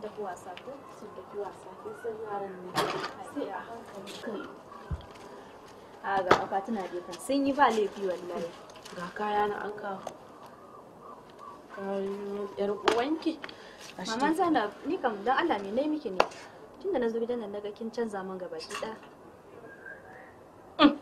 sun tafi ko sun yaran ne sai a hankali a ga gefen sun yi ba laifi wallahi ga kaya na an kawo yar uwanki ni kam Allah me miki ne? Tunda na gidan nan kin canza min gaba ki ɗaya. Mm.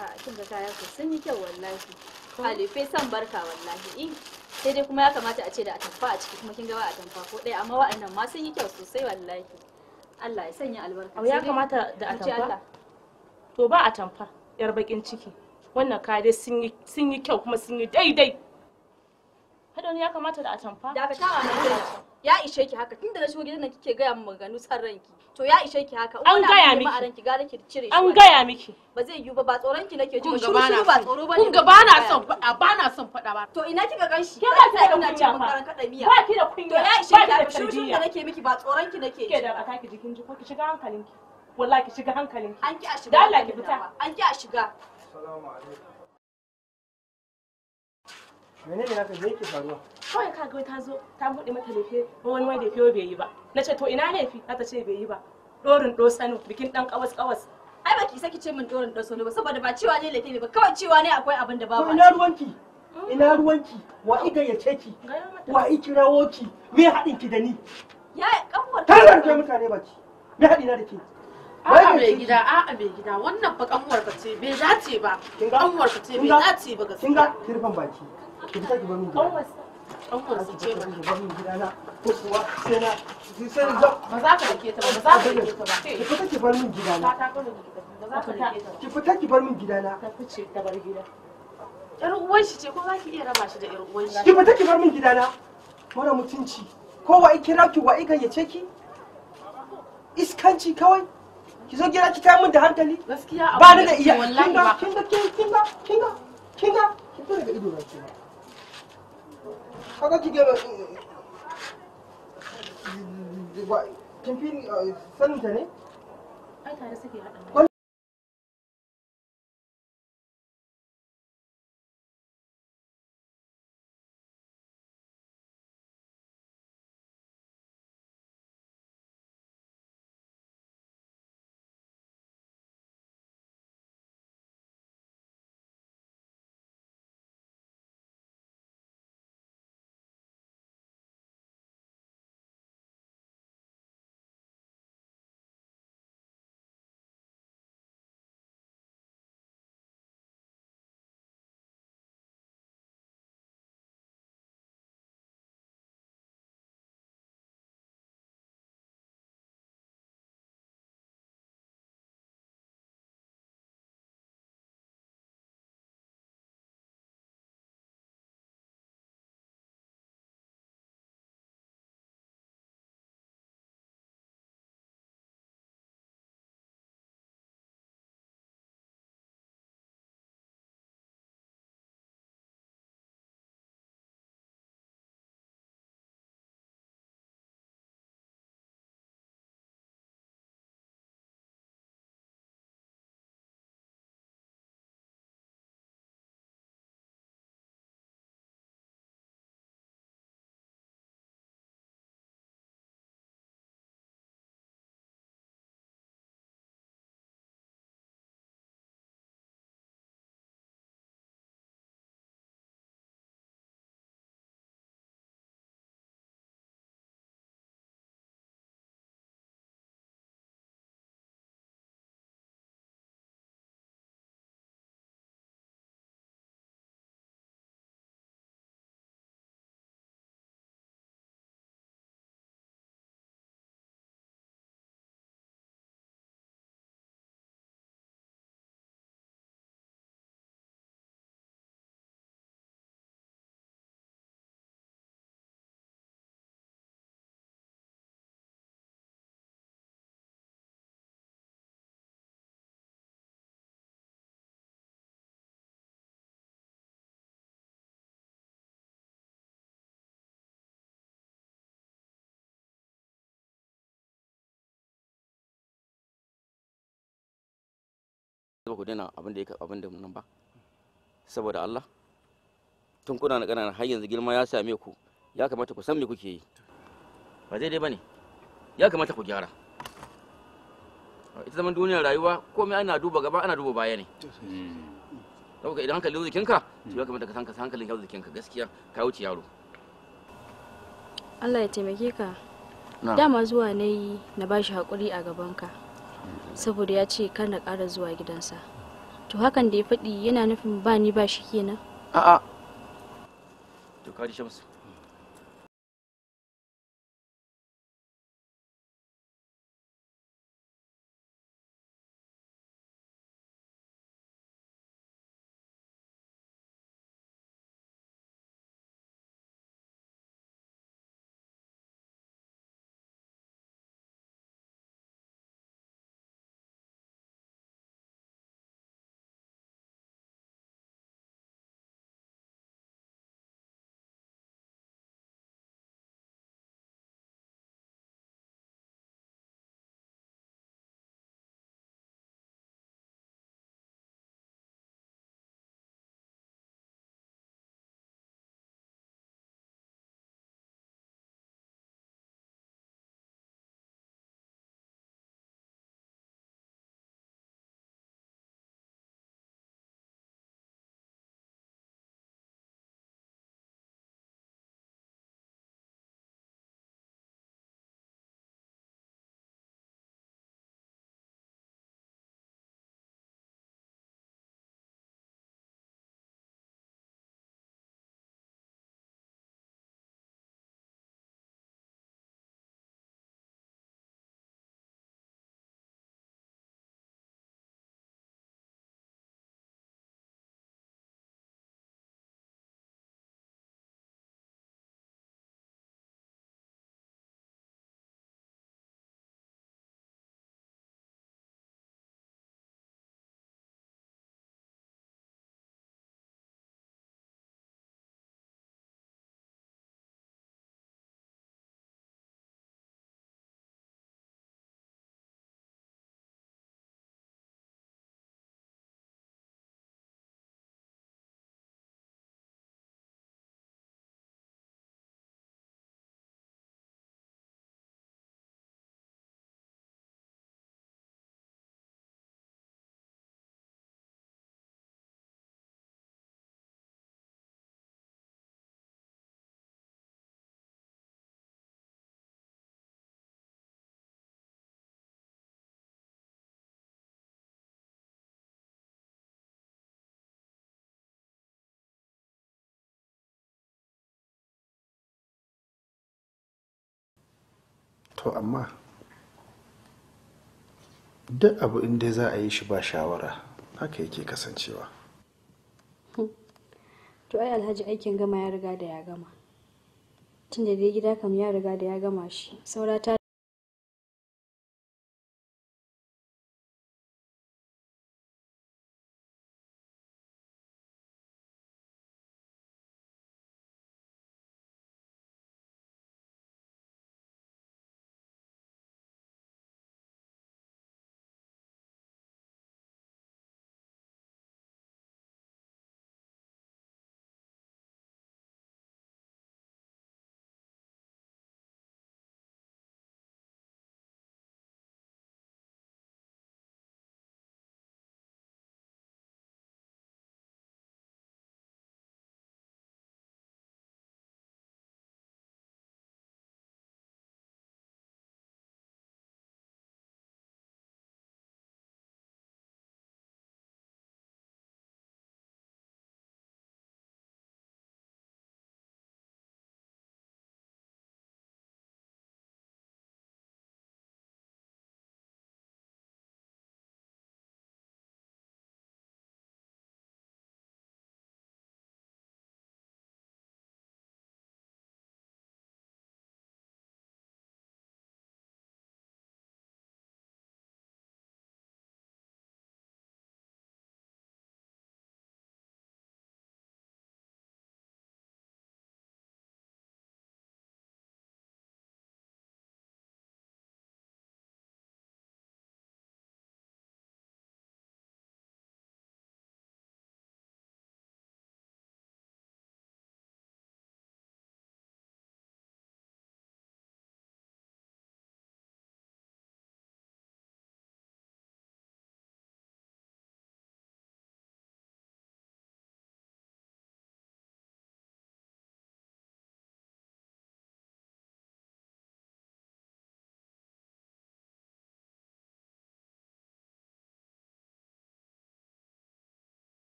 Ah, kin ga kaya ku sun yi kyau wallahi. Halife san barka wallahi. Eh, sai dai kuma ya kamata a ce da atamfa a ciki kuma kin ga ba atamfa ko ɗaya amma wa'annan ma sun yi kyau sosai wallahi. Allah ya sanya albarka. Ya kamata da atamfa. To ba atamfa yar bakin ciki. Wannan kaya sun yi kyau kuma sun yi daidai. Hadon ya kamata da atamfa. Da ka tawa na ya ishe ki haka tunda na shigo gidan nan kike gaya min maganganu san ranki to ya ishe ki haka an gaya miki a ranki gara ki cire shi an gaya miki ba zai yiwu ba ba tsoron ki nake ji ba shiru ba tsoro bane kun ba na son faɗa ba na son fada ba to ina kika ganshi ke ba ki da kunya ba da miya ba ki da kunya to ya ishe ki haka shiru shiru da nake miki ba tsoron ki nake ji ke da ba ki jikin ji ko ki shiga hankalinki wallahi ki shiga hankalinki an ki a shiga dalla ki fita an ki a shiga assalamu alaikum Mene ne naka yake faruwa? Kawai kaga ta zo ta buɗe mata lefe wani wai lefe bai yi ba. Na ce to ina laifi? Ta ce bai yi ba. Dorin sanu bikin dan kawas kawas. Ai baki saki ce min dorin dosano ba saboda ba cewa ne lefe ba kawai cewa ne akwai abin da ba ba Ina ruwanki? Hmm? Ina ruwanki? Wa iga ya ce ki? Wa ikirawo ki? Me haɗin ki da ni? Ya kafuwar. Ta rarke mutane baki. Me haɗi na da ke? A'a mai gida, a'a mai gida, wannan fa kanwarka ce, bai dace ba. Kanwarka ce, bai dace ba gaskiya. Kin ga kirfan baki. ki fita ki bar min gidana kuwa sai na sai ba za ka dake ta ba za ka dake ta ba ki fita ki bar min ta ba min fice ta bar gida yar uwan shi ce ko za ki iya raba shi da yar uwan shi ki fita ki bar min gidana mutunci ko wa kira ki wa ya ki iskanci kawai ki zo gida ki kai min da hankali gaskiya ba ni da iya kinga kinga kinga kinga kinga you kike me fi eh, sanin ta ba ku dina abin da ya abin da nan ba saboda Allah tun kuna na ƙanana har yanzu girma ya same ku ya kamata ku san me kuke yi ba dai bane ya kamata ku gyara ita zaman duniyar rayuwa komai ana duba gaba ana duba baya ne saboda idan hankalin ka to ya kamata ka san ka hankalin ka gaskiya ka wuce yaro Allah ya taimake ka dama zuwa na na bashi haƙuri a gaban ka. saboda ya ce kar na ƙara zuwa gidansa to hakan da ya faɗi yana nufin ba ni ba shi kenan a'a to ka ji shamsu to amma duk abu inda za a yi shi ba shawara haka yake kasancewa hmm. to ai alhaji aikin gama ya riga da ya gama tun da dai gida kam ya riga da ya gama shi saura ta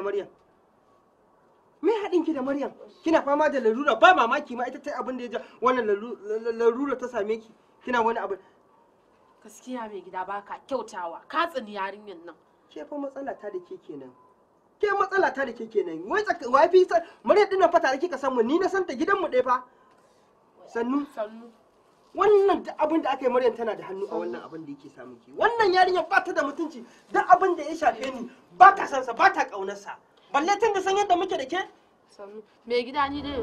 da Maryam? Me haɗin ki da Maryam? Kina fama da larura ba mamaki ma ita ta abin da ya ja wannan larura ta same ki. Kina wani abu. Gaskiya mai gida ba ka kyautawa, ka tsini yarinyan nan. Ke fa matsala ta da ke kenan. Ke matsala ta da ke kenan. Wai wai fi Maryam dinnan fa tare kika san mu ni na san ta gidan mu ɗaya fa. Sannu. Sannu. wannan da abin da aka yi maryam tana da hannu a wannan abin da yake samu ki wannan yarinyar ba ta da mutunci duk abin da ya shafe ni ba ta sansa ba ta ƙaunarsa balle tun da san yadda muke da ke me gida ni dai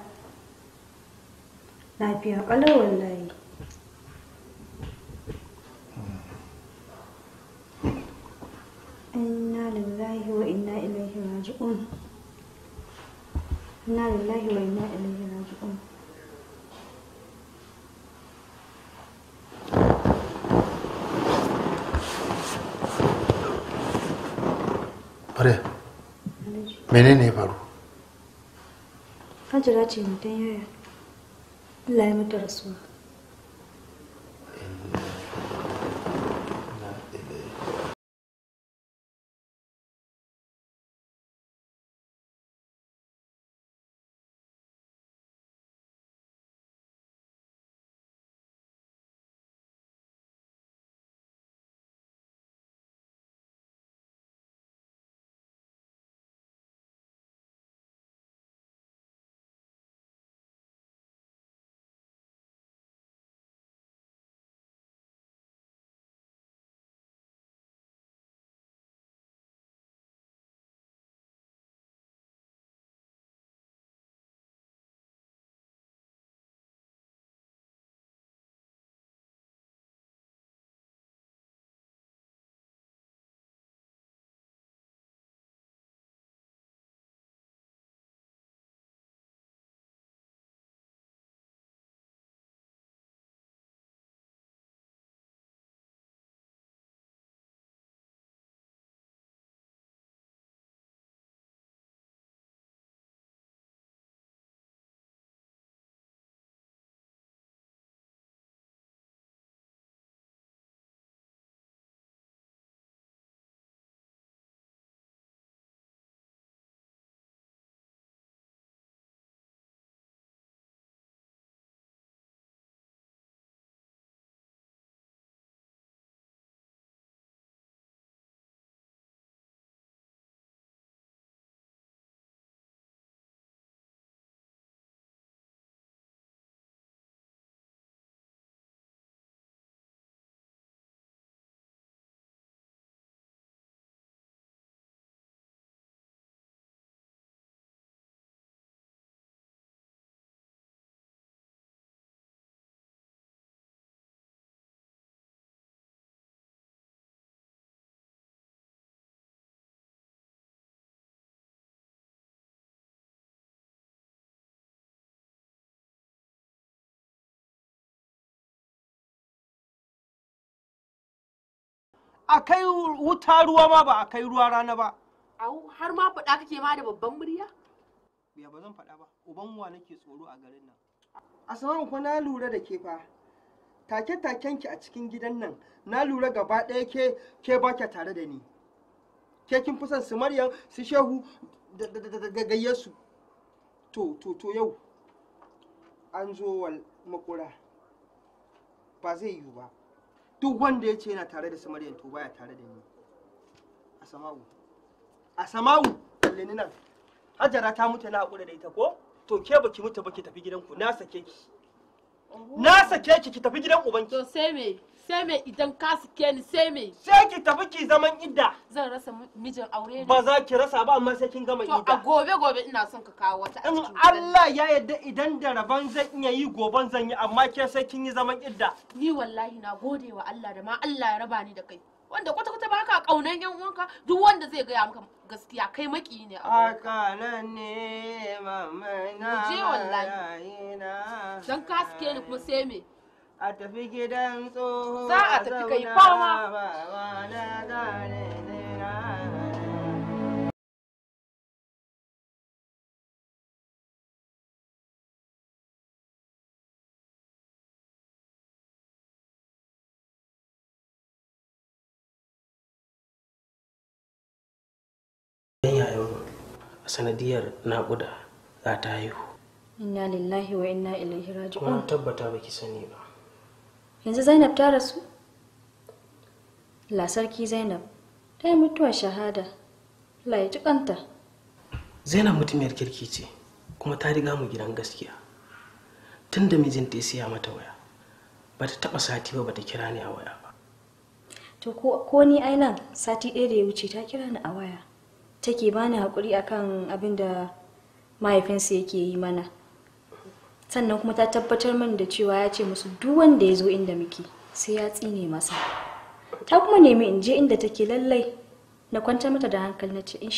lafiya ƙalau wallahi inna lillahi wa inna ilaihi raji'un inna lillahi wa inna ilaihi raji'un Fare, menene ya faru? Hajjira ce mutum yaya. लहमत तो Rasuwa a kai wuta ruwa ma ba a kai ruwa rana ba au har ma faɗa kake ma da babban murya ya ba zan faɗa ba uban wa nake tsoro a garin nan a sauran ku na lura da ke fa take taken ki a cikin gidan nan na lura gaba ɗaya ke ke ba tare da ni ke kin fi son su maryam su shehu da su. to to to yau an zo wal makura ba zai yiwu ba duk wanda ya ce yana tare da samariya to baya tare da ni a sama'u a sama'u kalle ni hajara ta mutu na haƙura da ita ko to ke baki mutu baki tafi gidanku na sake ki na sake ki ki tafi gidan ubanki to sai me sai me idan ka suke ni sai me sai ki tafi ki zaman idda zan rasa mijin aure ne ba za ki rasa ba amma sai kin gama idda to a gobe gobe ina son ka kawo wata in Allah ya yarda idan da raban zan iya yi goban zan yi amma ke sai kin yi zaman idda ni wallahi na gode wa Allah da ma Allah ya raba ni da kai wanda kwata kwata baka kaunan yan uwanka duk wanda zai gaya maka gaskiya kai maki ne a kanan ne mamana ji wallahi dan ka suke ni kuma sai me a tafi gidan tsoho za a tafi kai fama sanadiyar naƙuda za ta haihu. Inna lillahi wa inna ilaihi raji'un. Kuma tabbata baki sani ba. yanzu zainab ta rasu sarki zainab ta yi mutuwa shahada la ya ji kanta zainab mutumiyar kirki ce kuma ta riga mu gidan gaskiya tun da mijinta ya siya mata waya ba ta taɓa sati ba ba ta kira ni a waya ba to ko ni nan sati ɗaya da ya wuce ta kira ni a waya take bani haƙuri akan abin da mahaifinsa yake yi mana sannan kuma ta tabbatar min da cewa ya ce musu duk wanda ya zo inda muke sai ya tsine masa ta kuma nemi in je inda take lallai na kwantar mata da hankali na ce in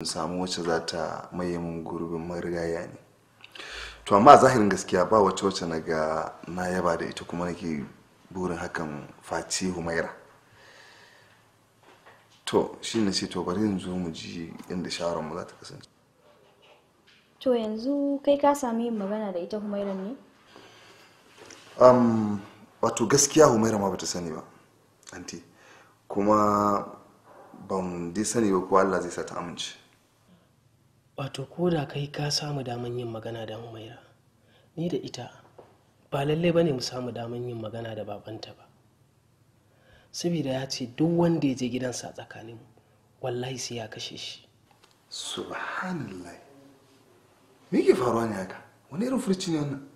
in samu wacce za ta maye gurbin marigaya ne to amma zahirin gaskiya ba wacce wacce na ga na yaba da ita kuma nake burin hakan faci humaira to shi ne to bari yanzu mu ji inda shawarar mu za ta kasance to yanzu kai ka sami yin magana da ita humaira ne um, wato gaskiya humaira ma bata sani ba anti kuma ban dai sani ba ko Allah zai sa ta amince wato ko da kai ka samu daman yin magana da humaira ni da ita ba lallai ba ne mu samu daman yin magana da babanta ba saboda ya ce duk wanda ya je gidansa a tsakaninmu wallahi sai ya kashe shi subhanallah me ke faruwa ne haka wani irin furci ne wannan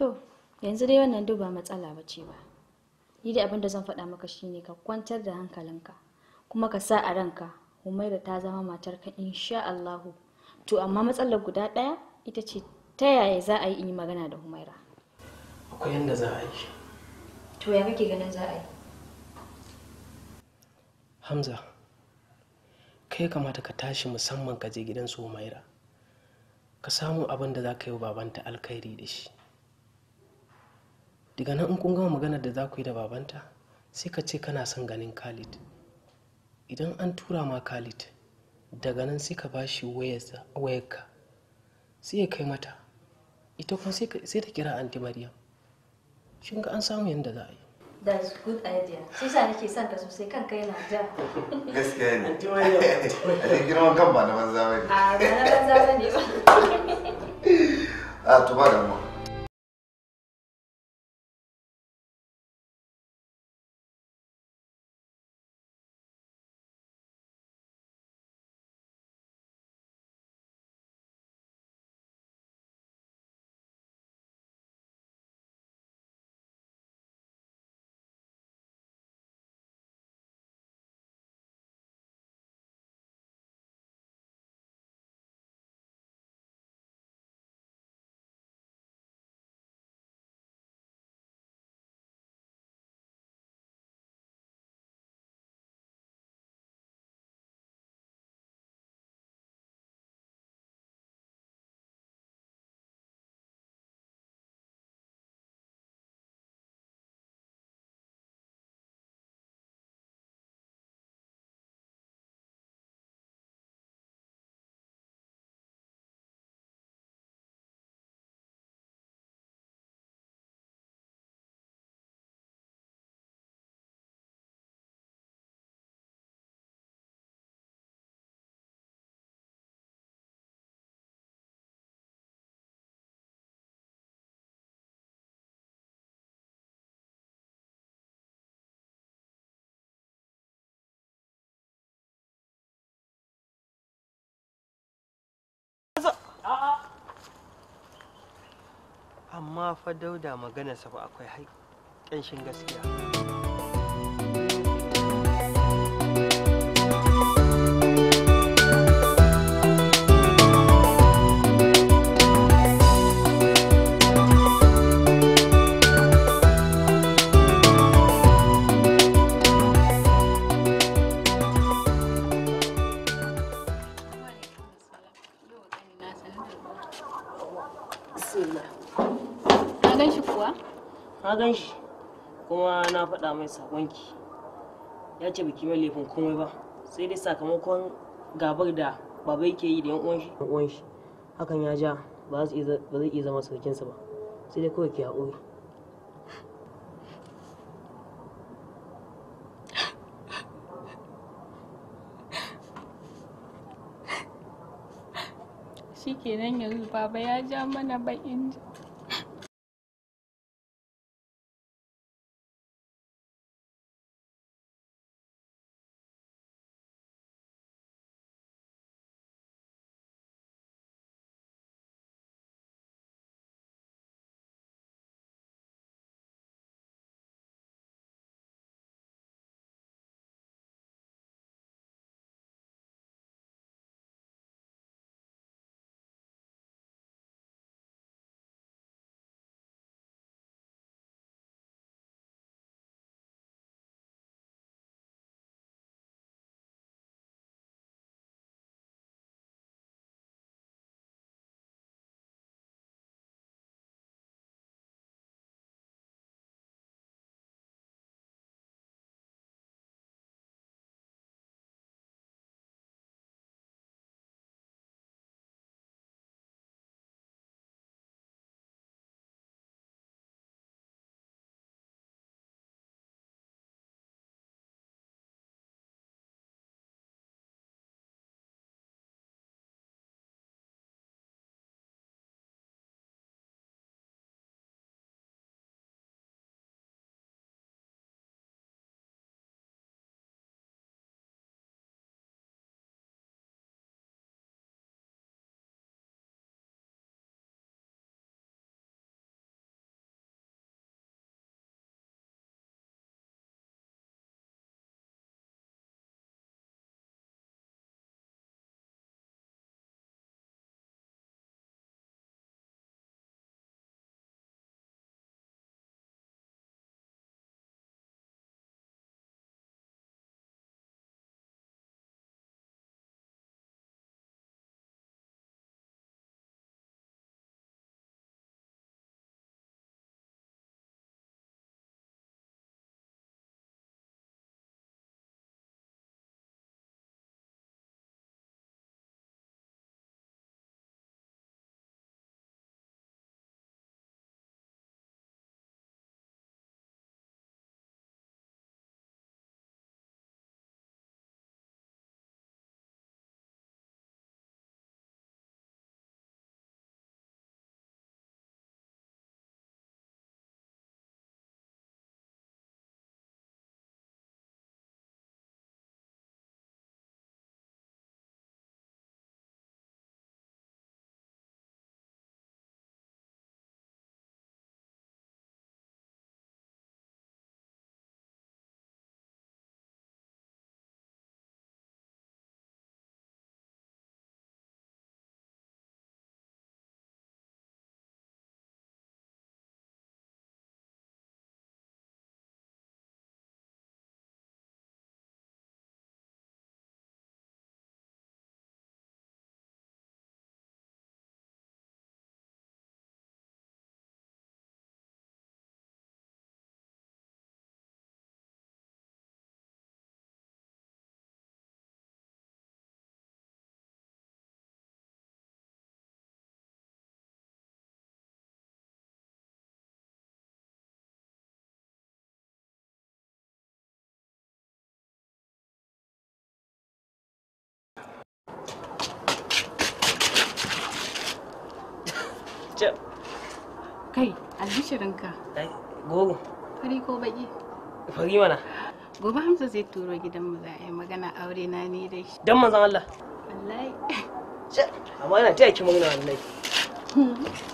to yanzu dai wannan duk ba matsala ba ce ba ni da abin da zan faɗa maka shine ka kwantar da hankalinka kuma ka sa a ranka humaira ta zama matarka insha Allahu to amma matsalar guda ɗaya ita ce ta yaya za a yi in yi magana da humaira akwai yadda za a yi to ya kake ganin za a yi hamza kai kamata ka tashi musamman ka je gidan su humaira ka samu abin da za ka yi babanta alkhairi da shi daga nan in kun gama maganar da za ku yi da babanta sai ka ce kana son ganin khalid idan an tura ma khalid daga nan sai ka bashi wayarka sai ya kai mata ita kuma sai ta kira anti maryam shin ga an samu yadda za a yi that's good idea sai sa nake son ka sosai kan kai na ja gaskiya ne anti a girman kan ba na banza bane a ba na banza bane ba a to ba da mu amma fa dauda maganarsa ba akwai ƙanshin gaskiya gan shi kuma na faɗa mai sakonki ya ce biki mai laifin komai ba sai dai sakamakon gabar da babai ke yi da yan uwan shi uwan shi hakan ya ja ba zai iya zama sarkin ba sai dai kawai ki haƙuri shikenan yanzu baba ya ja mana bakin Kai, albishirinka. Gogo. Fari ko baki? Fari mana. Gobe Hamza zai turo gidanmu za a yi magana aure na ni da shi. Dan manzon Allah. Wallahi. Amma ina taya ki magana wallahi.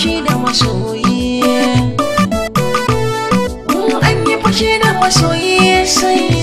fushi da masoyi in mm, an yi da masoyi